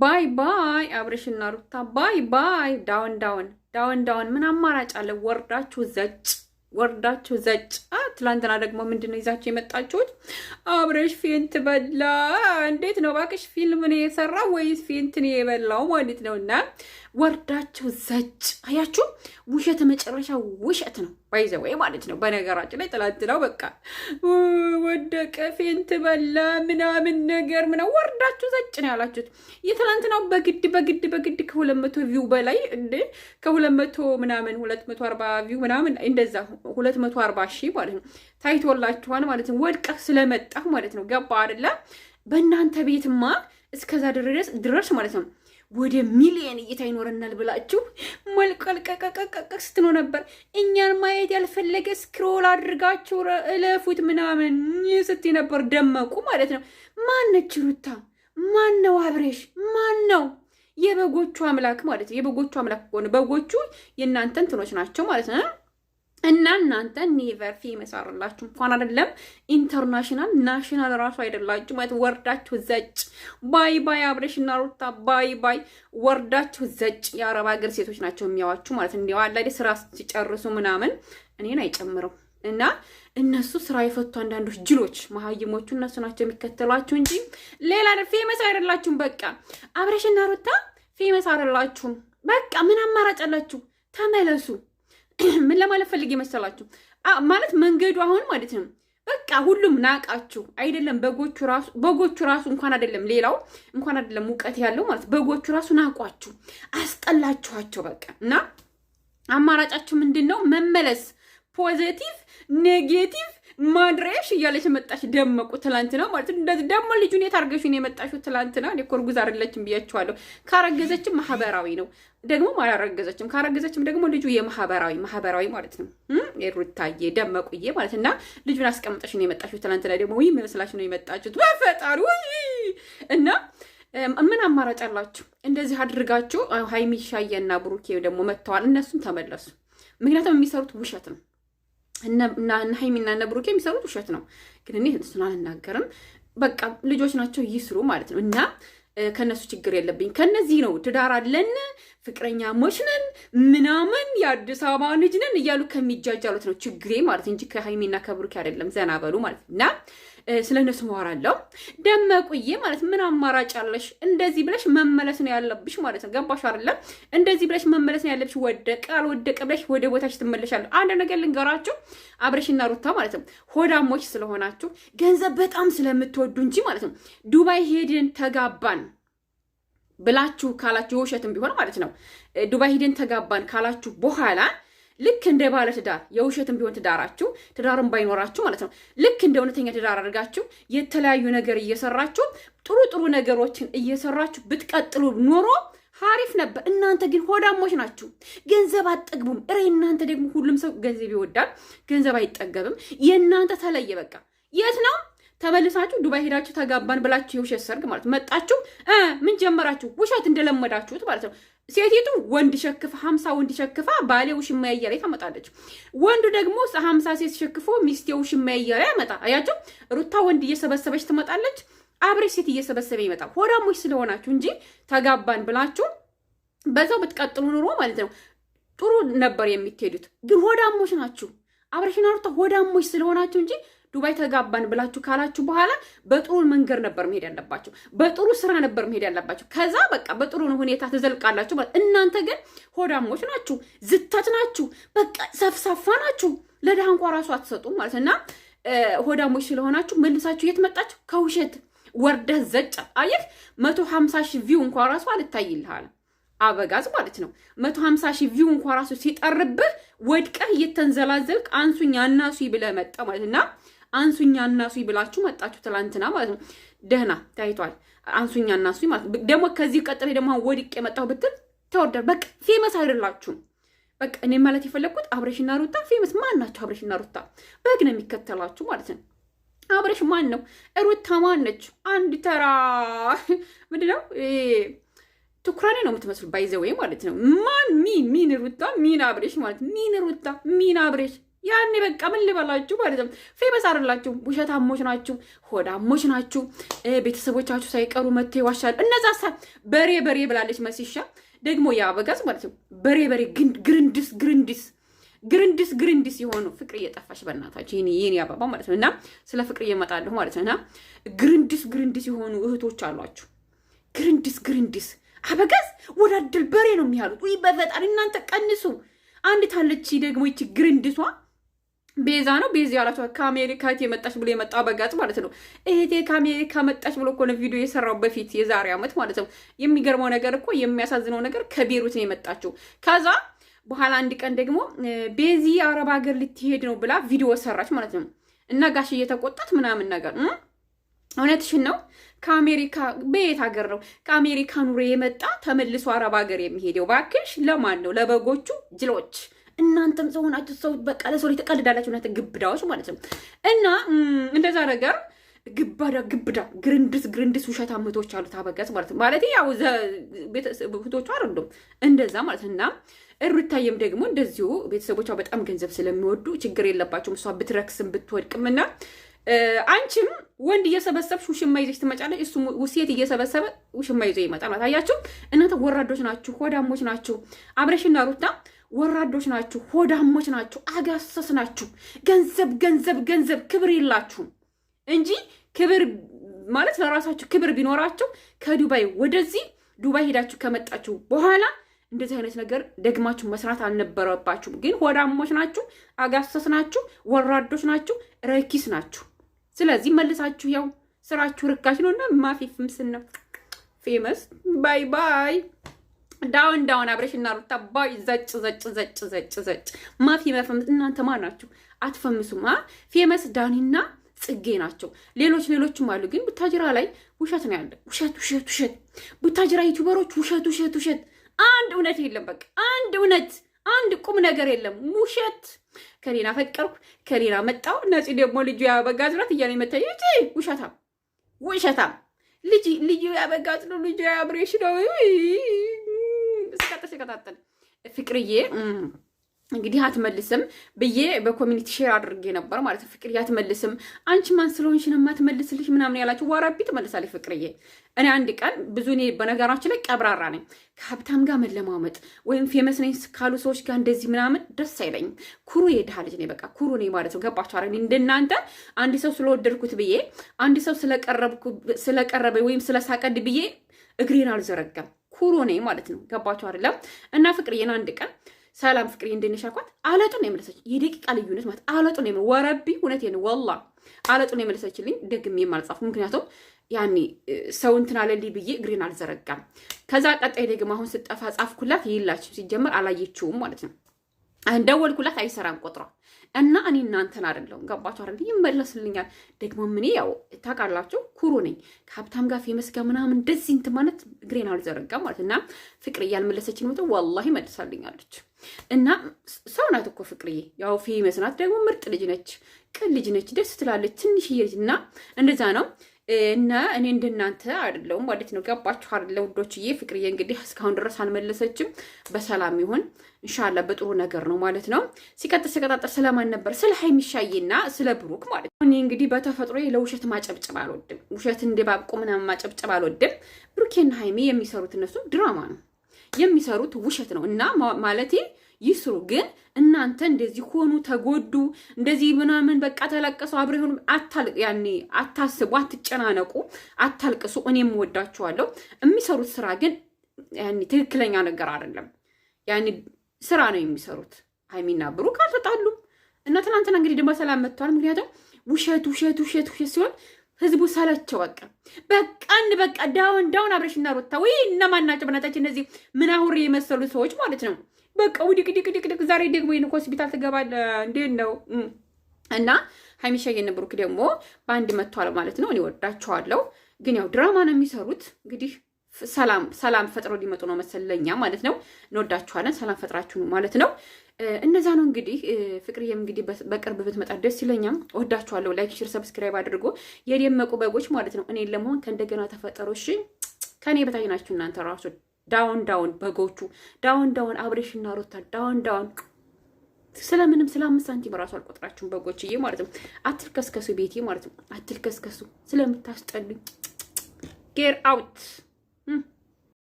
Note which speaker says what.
Speaker 1: ባይ ባይ አብርሽና ሩታ ባይ ባይ። ዳውን ዳውን ዳውን ዳውን። ምን አማራጭ አለ? ወርዳችሁ ዘጭ ወርዳችሁ ዘጭ። ትላንትና ደግሞ ምንድነው ይዛችሁ የመጣችሁት? አብረሽ ፌንት በላ። እንዴት ነው እባክሽ? ፊልም ነው የሰራው ወይስ ፌንት ነው የበላው ማለት ነው እና ወርዳችሁ ዘጭ አያችሁ። ውሸት መጨረሻ ውሸት ነው፣ ባይዘወይ ማለት ነው። በነገራችን ላይ ትላንትናው በቃ ወደቀ፣ ፌንት በላ ምናምን ነገር ምና ወርዳችሁ ዘጭ ነው ያላችሁት። የትላንትናው በግድ በግድ በግድ ከሁለት መቶ ቪው በላይ እንደ ከሁለት መቶ ምናምን ሁለት መቶ አርባ ቪው ምናምን እንደዛ ሁለት መቶ አርባ ሺህ ማለት ነው ታይቶላችኋል ማለት ነው። ወድቀ ስለመጣሁ ማለት ነው። ገባ አይደለ? በእናንተ ቤትማ እስከዛ ድረስ ድረስ ማለት ነው ወደ ሚሊየን እይታ ይኖረናል ብላችሁ መልቀልቀቀቀቀቅ ስትኖ ነበር። እኛን ማየት ያልፈለገ ስክሮል አድርጋችሁ እለፉት ምናምን ስት ነበር። ደመቁ ማለት ነው። ማነች ሩታ? ማን ነው አብሬሽ? ማን ነው የበጎቹ አምላክ ማለት ነው። የበጎቹ አምላክ ከሆነ በጎቹ የእናንተ እንትኖች ናቸው ማለት ነው። እና እናንተ ኔቨር ፌመስ አይደላችሁ፣ እንኳን አይደለም ኢንተርናሽናል ናሽናል ራሱ አይደላችሁ ማለት ወርዳችሁ ዘጭ። ባይ ባይ አብረሽ እና ሩታ ባይ ባይ፣ ወርዳችሁ ዘጭ። የአረብ ሀገር ሴቶች ናቸው የሚያዋችሁ ማለት እንዲያው አላ ስራ ሲጨርሱ ምናምን እኔን አይጨምረው እና እነሱ ስራ የፈቱ አንዳንዶች ጅሎች መሀይሞቹ እነሱ ናቸው የሚከተሏችሁ እንጂ ሌላ ፌመስ አይደላችሁም። በቃ አብረሽ እና ሩታ ፌመስ አይደላችሁም። በቃ ምን አማራጭ አላችሁ? ተመለሱ። ምን ለማለት ፈልጌ መሰላችሁ? ማለት መንገዱ አሁን ማለት ነው በቃ ሁሉም ናቃችሁ አይደለም። በጎቹ ራሱ በጎቹ ራሱ እንኳን አይደለም ሌላው እንኳን አይደለም ሙቀት ያለው ማለት በጎቹ ራሱ ናቋችሁ፣ አስጠላችኋቸው በቃ እና አማራጫችሁ ምንድን ነው? መመለስ ፖዘቲቭ ኔጌቲቭ ማድረሽ እያለች መጣሽ። ደመቁ ትላንት ነው ማለት እንደዚህ ደግሞ ልጁ ኔት አርገሽ ነው የመጣሽው ትላንት ነው። እኔ እኮ እርጉዝ አይደለችም ብያችኋለሁ። ካረገዘችም ማህበራዊ ነው ደግሞ አላረገዘችም። ካረገዘችም ደግሞ ልጁ የማህበራዊ ማህበራዊ ማለት ነው። ሩታዬ ደመቁዬ ማለት እና ልጁን አስቀምጠሽ ነው የመጣሽው ትላንት ነው። ደግሞ ይህ መስላሽ ነው የመጣችሁት በፈጣሪ እና ምን አማራጭ አላችሁ? እንደዚህ አድርጋችሁ ሀይሚሻዬና ብሩኬ ደግሞ መጥተዋል። እነሱም ተመለሱ። ምክንያቱም የሚሰሩት ውሸት ነው። ሀይሚና እነ ብሩኬ የሚሰሩት ውሸት ነው፣ ግን እኔ እሱን አልናገርም። በቃ ልጆች ናቸው ይስሩ ማለት ነው እና ከነሱ ችግር የለብኝ። ከነዚህ ነው ትዳር አለን ፍቅረኛ ሞችነን ምናምን የአዲስ አበባ ልጅ ነን እያሉ ከሚጃጃሉት ነው ችግሬ ማለት እንጂ ከሀይሜና ከብሩኬ አይደለም። ዘና በሉ ማለት እና ስለ እነሱ ማወራለሁ። ደመቁዬ ማለት ምን አማራጭ አለሽ? እንደዚህ ብለሽ መመለስ ነው ያለብሽ ማለት ነው። ገባሽ አይደለም? እንደዚህ ብለሽ መመለስ ነው ያለብሽ። ወደቀ አልወደቀ ብለሽ ወደ ቦታሽ ትመለሻለሽ። አንድ ነገር ልንገራችሁ፣ አብረሽና ሩታ ማለት ነው ሆዳሞች ስለሆናችሁ ገንዘብ በጣም ስለምትወዱ እንጂ ማለት ነው ዱባይ ሄድን ተጋባን ብላችሁ ካላችሁ የውሸትም ቢሆን ማለት ነው ዱባይ ሄድን ተጋባን ካላችሁ በኋላ ልክ እንደ ባለ ትዳር የውሸትም ቢሆን ትዳራችሁ ትዳርም ባይኖራችሁ ማለት ነው። ልክ እንደ እውነተኛ ትዳር አድርጋችሁ የተለያዩ ነገር እየሰራችሁ ጥሩ ጥሩ ነገሮችን እየሰራችሁ ብትቀጥሉ ኖሮ ሀሪፍ ነበር። እናንተ ግን ሆዳሞች ናችሁ፣ ገንዘብ አጠግቡም። እሬ እናንተ ደግሞ ሁሉም ሰው ገንዘብ ይወዳል፣ ገንዘብ አይጠገብም። የእናንተ ተለየ። በቃ የት ነው ተመልሳችሁ ዱባይ ሄዳችሁ ተጋባን ብላችሁ የውሸት ሰርግ ማለት መጣችሁ። ምን ጀመራችሁ? ውሸት እንደለመዳችሁት ማለት ነው። ሴቲቱ ወንድ ሸክፋ ሀምሳ ወንድ ሸክፋ ባሌ ውሽማ እያለ ታመጣለች። ወንዱ ደግሞ ሀምሳ ሴት ሸክፎ ሚስቴ ውሽማ እያለ ያመጣ። አያቸው ሩታ ወንድ እየሰበሰበች ትመጣለች። አብሬ ሴት እየሰበሰበ ይመጣ። ሆዳሞች ስለሆናችሁ እንጂ ተጋባን ብላችሁ በዛው ብትቀጥሉ ኑሮ ማለት ነው ጥሩ ነበር የምትሄዱት። ግን ሆዳሞች ናችሁ። አብሬሽና ሩታ ሆዳሞች ስለሆናችሁ እንጂ ዱባይ ተጋባን ብላችሁ ካላችሁ በኋላ በጥሩ መንገድ ነበር መሄድ ያለባችሁ። በጥሩ ስራ ነበር መሄድ ያለባችሁ። ከዛ በቃ በጥሩ ሁኔታ ትዘልቃላችሁ። እናንተ ግን ሆዳሞች ናችሁ፣ ዝተት ናችሁ፣ በቃ ሰፍሳፋ ናችሁ። ለድሃ እንኳ ራሱ አትሰጡም ማለት እና ሆዳሞች ስለሆናችሁ መልሳችሁ የት መጣችሁ? ከውሸት ወርደህ ዘጫ አየህ፣ መቶ ሀምሳ ሺህ ቪው እንኳ ራሱ አልታይልሃል አበጋዝ ማለት ነው። መቶ ሀምሳ ሺህ ቪው እንኳ ራሱ ሲጠርብህ ወድቀህ እየተንዘላዘልክ አንሱኝ አናሱ ብለህ መጣ ማለት እና አንሱኛ እናሱኝ ብላችሁ መጣችሁ ትላንትና ማለት ነው። ደህና ታይቷል። አንሱኛ እናሱኝ ማለት ነው። ደግሞ ከዚህ ቀጥሬ ደግሞ ወድቅ የመጣው ብትል ተወዳል። በቃ ፌመስ አይደላችሁም። በቃ እኔ ማለት የፈለግኩት አብሬሽና ሩታ ፌመስ ማን ናቸው? አብሬሽና ሩታ በግ ነው የሚከተላችሁ ማለት ነው። አብረሽ ማን ነው? ሩታ ማን ነች? አንድ ተራ ምንድን ነው ትኩራኔ ነው የምትመስሉ ባይዘወይ ማለት ነው። ማን ሚን ሚን ሩታ ሚን አብሬሽ ማለት ሚን ሩታ ሚን አብሬሽ ያኔ በቃ ምን ልበላችሁ ማለት ነው፣ ፌመስ አይደላችሁ፣ ውሸታሞች ናችሁ፣ ሆዳሞች ናችሁ። ቤተሰቦቻችሁ ሳይቀሩ መጥቶ ይዋሻሉ። እነዛ በሬ በሬ ብላለች መሲሻ ደግሞ የአበጋዝ ማለት ነው። በሬ በሬ ግርንድስ ግርንድስ ግርንድስ ግርንድስ የሆኑ ፍቅር እየጠፋሽ በእናታችሁ ይህን ይህን ያባባ ማለት ነው። እና ስለ ፍቅር እየመጣለሁ ማለት ነው። እና ግርንድስ ግርንድስ የሆኑ እህቶች አሏችሁ። ግርንድስ ግርንድስ አበጋዝ ወዳድል በሬ ነው የሚያሉት። ወይ በፈጣሪ እናንተ ቀንሱ። አንድ ታለች ደግሞ ይቺ ግርንድሷ ቤዛ ነው ቤዛ ያላቸው ከአሜሪካ እህቴ መጣች ብሎ የመጣ በጋጽ ማለት ነው። እህቴ ከአሜሪካ መጣች ብሎ እኮ ነው ቪዲዮ የሰራው በፊት የዛሬ ዓመት ማለት ነው። የሚገርመው ነገር እኮ የሚያሳዝነው ነገር ከቤሩት ነው የመጣችው። ከዛ በኋላ አንድ ቀን ደግሞ ቤዚ አረብ ሀገር ልትሄድ ነው ብላ ቪዲዮ ሰራች ማለት ነው። እና ጋሽ እየተቆጣት ምናምን ነገር እውነትሽን ነው። ከአሜሪካ በየት ሀገር ነው ከአሜሪካ ኑሮ የመጣ ተመልሶ አረብ ሀገር የሚሄደው? እባክሽ ለማን ነው? ለበጎቹ ጅሎች እናንተም ሰው ሆናችሁ ሰው በቃ ለሰው ላይ ተቀልዳላችሁ እናንተ ግብዳዎች ማለት ነው። እና እንደዛ ነገር ግባዳ ግብዳ ግርንድስ ግርንድስ ውሸት እህቶች አሉት አበጋዝ ማለት ነው። ማለት ያው እህቶቹ አይደሉም እንደዛ ማለት እና እሩታየም ደግሞ እንደዚሁ ቤተሰቦቿ በጣም ገንዘብ ስለሚወዱ ችግር የለባቸውም። እሷ ብትረክስም ብትወድቅም እና አንቺም ወንድ እየሰበሰብሽ ውሽማ ይዘሽ ትመጫለሽ፣ እሱ ሴት እየሰበሰበ ውሽማ ይዞ ይመጣል። ታያችሁ እናንተ ወራዶች ናችሁ፣ ሆዳሞች ናችሁ። አብረሽና ሩታ ወራዶች ናችሁ፣ ሆዳሞች ናችሁ፣ አጋሰስ ናችሁ። ገንዘብ ገንዘብ ገንዘብ ክብር የላችሁም እንጂ ክብር ማለት ለራሳችሁ ክብር ቢኖራችሁ ከዱባይ ወደዚህ ዱባይ ሄዳችሁ ከመጣችሁ በኋላ እንደዚህ አይነት ነገር ደግማችሁ መስራት አልነበረባችሁም። ግን ሆዳሞች ናችሁ፣ አጋሰስ ናችሁ፣ ወራዶች ናችሁ፣ ረኪስ ናችሁ። ስለዚህ መልሳችሁ ያው ስራችሁ ርካሽ ነውና ማፊ ፍምስና ፌመስ ባይ ባይ ዳውን ዳውን አብረሽ እና ሩታ ባይ ዘጭ ዘጭ ዘጭ ዘጭ ዘጭ ማፊ መፈምስ እናንተ ማ ናችሁ? አትፈምሱም። ፌመስ ዳኒና ጽጌ ናቸው። ሌሎች ሌሎችም አሉ፣ ግን ቡታጅራ ላይ ውሸት ነው ያለ። ውሸት ውሸት ውሸት። ቡታጅራ ዩቱበሮች ውሸት ውሸት ውሸት። አንድ እውነት የለም። በቃ አንድ እውነት አንድ ቁም ነገር የለም። ውሸት ከሌና ፈቀርኩ ከሌና መጣው ነፂ ደግሞ ልጁ ያበጋዝ ናት እያለ መታየች። ውሸታም ውሸታም ልጅ ልዩ ያበጋ ነው ልጁ ያብሬሽ ነው እየተቀጣጠለ ፍቅርዬ እንግዲህ አትመልስም ብዬ በኮሚኒቲ ሼር አድርጌ ነበር ማለት ፍቅርዬ አትመልስም፣ አንቺ ማን ስለሆንሽ ነው የማትመልስልሽ ምናምን ያላችሁ ዋራቢ ትመልሳለች ፍቅርዬ። እኔ አንድ ቀን ብዙ እኔ በነገራችን ላይ ቀብራራ ነኝ። ከሀብታም ጋር መለማመጥ ወይም ፌመስ ነኝ ካሉ ሰዎች ጋር እንደዚህ ምናምን ደስ አይለኝም። ኩሩ የድሃ ልጅ ነኝ፣ በቃ ኩሩ ነኝ ማለት ነው። ገባችሁ? አረ እንደናንተ አንድ ሰው ስለወደድኩት ብዬ አንድ ሰው ስለቀረበ ወይም ስለሳቀድ ብዬ እግሬን አልዘረጋም። ኩሩ ነኝ ማለት ነው። ገባችሁ አይደለም? እና ፍቅርዬን አንድ ቀን ሰላም ፍቅርዬ እንድንሻኳት ነው የመለሰች የደቂቃ ልዩነት ማለት አለጡ ነው የመ ወረቢ እውነት ነው ወላ አለጡ ነው የመለሰችልኝ ደግሜ አልጻፉ። ምክንያቱም ያኔ ሰው እንትን አለልኝ ብዬ እግሬን አልዘረጋም። ከዛ ቀጣይ ደግሞ አሁን ስጠፋ ጻፍኩላት ይላችሁ ሲጀመር አላየችውም ማለት ነው። እንደወልኩላት አይሰራም ቆጥሯል እና እኔ እናንተን አይደለሁም። ገባችሁ አይደል? ይመለስልኛል። ደግሞ ምን ያው ታውቃላችሁ ኩሩ ነኝ። ከሀብታም ጋር ፌመስ ጋር ምናምን እንደዚህ እንትን ማለት እግሬን አልዘረጋም ማለት እና ፍቅር እያልመለሰችን መቶ ወላሂ መልሳልኛለች። እና ሰው ናት እኮ ፍቅርዬ፣ ያው ፌመስ ናት። ደግሞ ምርጥ ልጅ ነች፣ ቅን ልጅ ነች፣ ደስ ትላለች። ትንሽዬ ልጅ እና እንደዛ ነው እና እኔ እንደናንተ አይደለሁም ማለት ነው። ገባችሁ አይደለ ውዶችዬ? ፍቅርዬ እንግዲህ እስካሁን ድረስ አልመለሰችም። በሰላም ይሁን እንሻላ፣ በጥሩ ነገር ነው ማለት ነው። ሲቀጥል ሲቀጣጠር ስለማን ነበር? ስለ ሀይሚሻዬና ስለ ብሩክ ማለት ነው። እኔ እንግዲህ በተፈጥሮ ለውሸት ማጨብጨብ አልወድም። ውሸት እንዲባብቁ ምናምን ማጨብጨብ አልወድም። ብሩኬና ሀይሜ የሚሰሩት እነሱ ድራማ ነው የሚሰሩት ውሸት ነው እና ማለቴ ይስሩ። ግን እናንተ እንደዚህ ሆኑ፣ ተጎዱ፣ እንደዚህ ምናምን በቃ ተለቀሰው አብረ ሆኑ። ያኔ አታስቡ፣ አትጨናነቁ፣ አታልቅሱ። እኔም ወዳችኋለሁ። የሚሰሩት ስራ ግን ያኔ ትክክለኛ ነገር አይደለም። ያኔ ስራ ነው የሚሰሩት። ሀይሚና ብሩክ አልተጣሉም እና ትናንትና እንግዲህ ደግሞ ሰላም መጥተዋል። ምክንያቱም ውሸት ውሸት ውሸት ውሸት ሲሆን ህዝቡ ሰለቸው። በቃ በቃን በቃ ዳውን ዳውን አብረሽና ሩታ ወይ እነማን ናቸው? በእናታችን እነዚህ ምናሁሪ የመሰሉ ሰዎች ማለት ነው። በቃ ውድቅ ድቅ ድቅ ድቅ ዛሬ ደግሞ ይንኮ ሆስፒታል ትገባለህ እንዴ ነው? እና ሀይሚሻ የነብሩክ ደግሞ በአንድ መጥቷል ማለት ነው። እኔ ወዳቸዋለሁ፣ ግን ያው ድራማ ነው የሚሰሩት እንግዲህ ሰላም ሰላም ፈጥሮ ሊመጡ ነው መሰለኛ ማለት ነው። እንወዳችኋለን። ሰላም ፈጥራችሁ ማለት ነው። እነዛ ነው እንግዲህ ፍቅርዬም እንግዲህ በቅርብ ብትመጣ ደስ ይለኛም። ወዳችኋለሁ። ላይክ፣ ሽር፣ ሰብስክራይብ አድርጎ የደመቁ በጎች ማለት ነው። እኔን ለመሆን ከእንደገና ተፈጠሩ። እሺ ከእኔ በታች ናችሁ እናንተ ራሱ ዳውን ዳውን በጎቹ ዳውን ዳውን አብሬሽና ሮታ ዳውን ዳውን ስለምንም ስለ አምስት ሳንቲም ራሱ አልቆጥራችሁም በጎችዬ ማለት ነው። አትልከስከሱ ቤቴ ማለት ነው። አትልከስከሱ ስለምታስጠሉኝ ጌር አውት Hmm.